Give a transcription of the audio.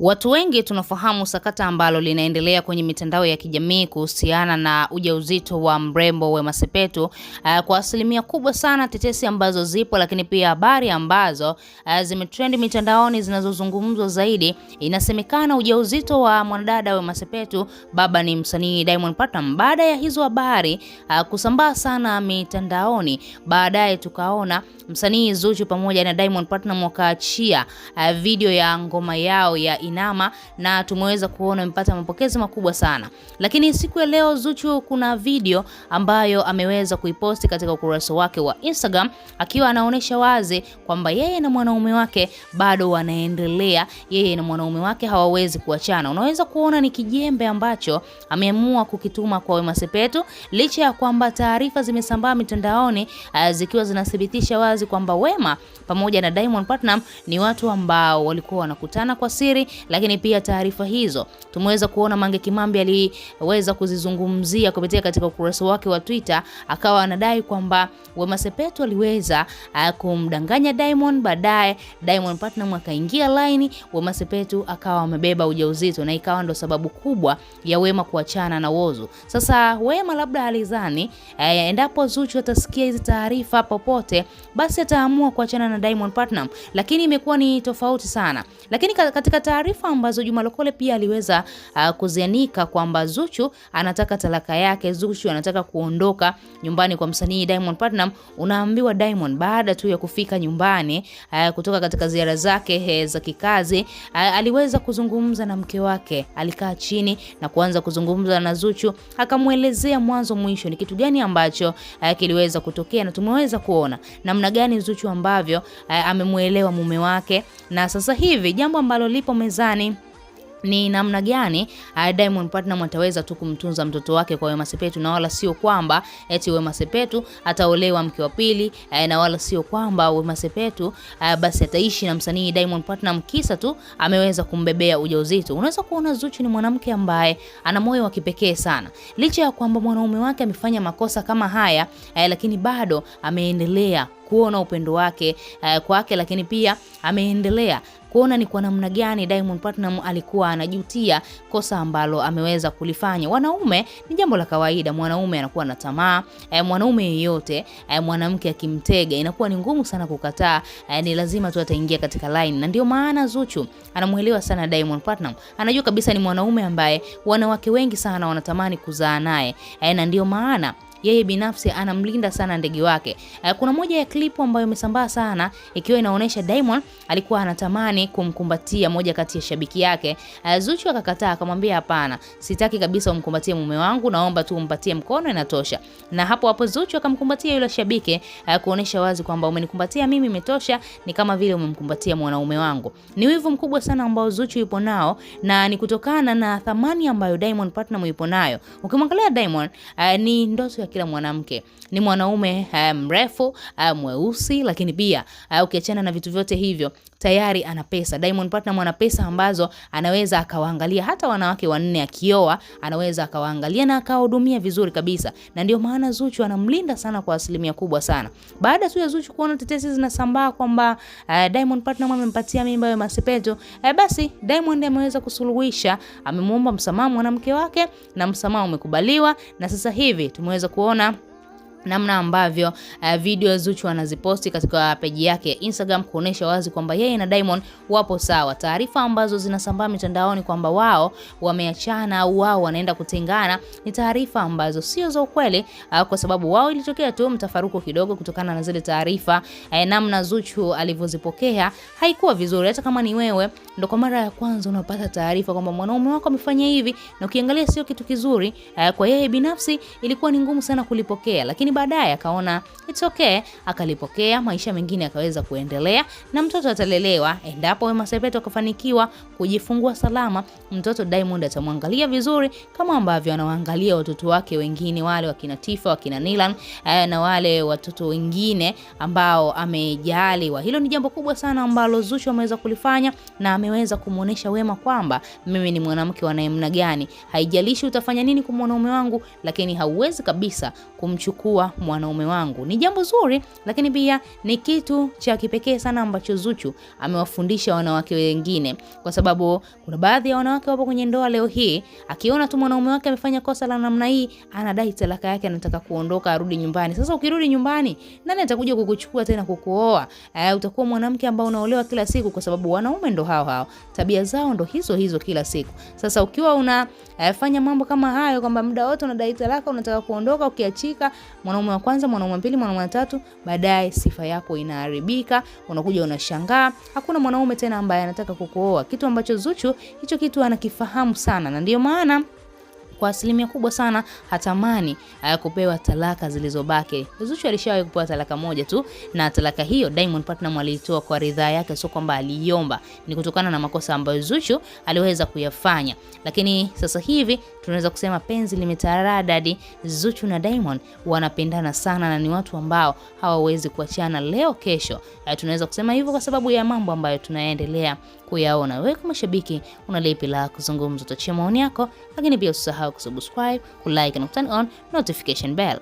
Watu wengi tunafahamu sakata ambalo linaendelea kwenye mitandao ya kijamii kuhusiana na ujauzito wa mrembo Wema Sepetu. Eh, kwa asilimia kubwa sana tetesi ambazo zipo, lakini pia habari ambazo eh, zimetrend mitandaoni zinazozungumzwa zaidi, inasemekana ujauzito wa mwanadada Wema Sepetu, baba ni msanii Diamond Platnumz. Baada ya hizo habari eh, kusambaa sana mitandaoni, baadaye tukaona msanii Zuchu pamoja na Diamond Platnumz wakaachia video ya ngoma yao ya Inama na tumeweza kuona amepata mapokezi makubwa sana. Lakini siku ya leo Zuchu kuna video ambayo ameweza kuiposti katika ukurasa wake wa Instagram akiwa anaonyesha wazi kwamba yeye na mwanaume wake bado wanaendelea, yeye na mwanaume wake hawawezi kuachana. Unaweza kuona ni kijembe ambacho ameamua kukituma kwa Wema Sepetu licha ya kwamba taarifa zimesambaa mitandaoni eh, zikiwa zinathibitisha wazi kwamba Wema pamoja na Diamond Platinum ni watu ambao walikuwa wanakutana kwa siri lakini pia taarifa hizo tumeweza kuona Mange Kimambi aliweza kuzizungumzia kupitia katika ukurasa wake wa Twitter, akawa anadai kwamba Wema Sepetu aliweza uh, kumdanganya Diamond, baadaye Diamond Platinum akaingia line, Wema Sepetu akawa amebeba ujauzito na ikawa ndo sababu kubwa ya Wema kuachana na Whozu. Sasa Wema labda alizani eh, endapo Zuchu atasikia hizi taarifa popote, basi ataamua kuachana na Diamond Platinum, lakini imekuwa ni tofauti sana. Lakini katika taarifa taarifa ambazo Juma Lokole pia aliweza uh, kuzianika kwamba Zuchu anataka talaka yake, Zuchu anataka kuondoka nyumbani kwa msanii Diamond Platinum. Unaambiwa Diamond baada tu ya kufika nyumbani uh, kutoka katika ziara zake he, za kikazi uh, aliweza kuzungumza na mke wake, alikaa chini na kuanza kuzungumza na Zuchu, akamwelezea mwanzo mwisho ni kitu gani ambacho uh, kiliweza kutokea, na tumeweza kuona namna gani Zuchu ambavyo uh, amemwelewa mume wake, na sasa hivi jambo ambalo lipo mezani upinzani ni namna gani eh, Diamond Platnumz ataweza tu kumtunza mtoto wake kwa Wema Sepetu, na wala sio kwamba eti Wema Sepetu ataolewa mke wa pili, eh, na wala sio kwamba Wema Sepetu eh, basi ataishi na msanii Diamond Platnumz kisa tu ameweza kumbebea ujauzito. Unaweza kuona Zuchu ni mwanamke ambaye ana moyo wa kipekee sana, licha ya kwamba mwanaume wake amefanya makosa kama haya, lakini bado ameendelea kuona upendo wake kwake, lakini pia ameendelea kuona ni kwa namna gani Diamond Platinum alikuwa anajutia kosa ambalo ameweza kulifanya. Wanaume ni jambo la kawaida, mwanaume anakuwa na tamaa e, mwanaume yeyote e, mwanamke akimtega inakuwa ni ngumu sana kukataa e, ni lazima tu ataingia katika line, na ndio maana Zuchu anamuelewa sana Diamond Platinum, anajua kabisa ni mwanaume ambaye wanawake wengi sana wanatamani kuzaa naye e, na ndio maana yeye binafsi anamlinda sana ndege wake. Eh, kuna moja ya klipu ambayo imesambaa sana ikiwa inaonyesha Diamond alikuwa anatamani kumkumbatia moja kati ya shabiki yake. Eh, Zuchu akakataa akamwambia, hapana, sitaki kabisa umkumbatie mume wangu, naomba tu umpatie mkono inatosha. Na hapo hapo Zuchu akamkumbatia yule shabiki eh, kuonesha wazi kwamba umenikumbatia mimi imetosha, ni kama vile umemkumbatia mwanaume wangu. Ni wivu mkubwa sana ambao Zuchu yupo nao na ni kutokana na thamani ambayo Diamond Platinum yupo nayo. Ukimwangalia Diamond ni ndoto ya kila mwanamke ni mwanaume eh, mrefu eh, mweusi, lakini pia eh, ukiachana na vitu vyote hivyo tayari ana pesa. Diamond Platnumz ana pesa ambazo anaweza akawaangalia hata wanawake wanne akioa, anaweza akawaangalia na akawahudumia vizuri kabisa, na ndio maana Zuchu anamlinda sana kwa asilimia kubwa sana. Baada tu ya Zuchu kuona tetesi zinasambaa kwamba uh, Diamond Platnumz amempatia mimba ya Masepeto, uh, basi Diamond ameweza kusuluhisha, amemwomba msamaha mwanamke wake na msamaha umekubaliwa, na sasa hivi tumeweza kuona namna ambavyo uh, video Zuchu anaziposti katika peji yake ya Instagram kuonesha wazi kwamba yeye na Diamond wapo sawa. Taarifa ambazo zinasambaa mitandaoni kwamba wao wameachana au wao wanaenda kutengana ni taarifa ambazo sio za ukweli, uh, kwa sababu wao ilitokea tu mtafaruku kidogo kutokana na zile taarifa uh, namna Zuchu alivyozipokea haikuwa vizuri. Hata kama ni wewe ndo kwa mara ya kwanza unapata taarifa kwamba mwanaume wako amefanya hivi, na ukiangalia sio kitu kizuri uh, kwa yeye binafsi ilikuwa ni ngumu sana kulipokea lakini lakini baadaye akaona it's okay, akalipokea. Maisha mengine akaweza kuendelea, na mtoto atalelewa. Endapo Wema Sepetu akafanikiwa kujifungua salama, mtoto Diamond atamwangalia vizuri kama ambavyo anawaangalia watoto wake wengine, wale wakina Tifa, wakina Nilan eh, na wale watoto wengine ambao amejaliwa. Hilo ni jambo kubwa sana ambalo Zuchu ameweza kulifanya na ameweza kumwonyesha Wema kwamba mimi ni mwanamke wa namna gani, haijalishi utafanya nini kwa mwanaume wangu, lakini hauwezi kabisa kumchukua kuwa mwanaume wangu. Ni jambo zuri, lakini pia ni kitu cha kipekee sana ambacho Zuchu amewafundisha wanawake wengine, kwa sababu kuna baadhi ya wanawake wapo kwenye ndoa leo hii, akiona tu mwanaume wake amefanya kosa la namna hii, anadai talaka yake, anataka kuondoka, arudi nyumbani. Sasa ukirudi nyumbani, nani atakuja kukuchukua tena kukuoa? Eh, utakuwa mwanamke ambao unaolewa kila siku, kwa sababu wanaume ndo hao hao, tabia zao ndo hizo hizo kila siku. Sasa ukiwa unafanya eh, uh, mambo kama hayo kwamba muda wote unadai talaka, unataka kuondoka, ukiachika mwanaume wa kwanza, mwanaume wa pili, mwanaume wa tatu, baadaye sifa yako inaharibika, unakuja unashangaa, hakuna mwanaume tena ambaye anataka kukuoa, kitu ambacho Zuchu hicho kitu anakifahamu sana, na ndio maana kwa asilimia kubwa sana hatamani kupewa talaka zilizobaki. Zuchu alishawahi kupewa talaka moja tu, na talaka hiyo Diamond Platinum aliitoa kwa ridhaa yake, sio kwamba aliiomba. Ni kutokana na makosa ambayo Zuchu aliweza kuyafanya, lakini sasa hivi tunaweza kusema penzi limetaradadi. Zuchu na Diamond wanapendana sana na ni watu ambao hawawezi kuachana leo kesho. Eh, tunaweza kusema hivyo kwa sababu ya mambo ambayo tunaendelea kuyaona. Wewe kama shabiki, una lipi la kuzungumza? Utachia maoni yako, lakini pia usisahau kusahau kusubscribe, kulike na kuturn on notification bell.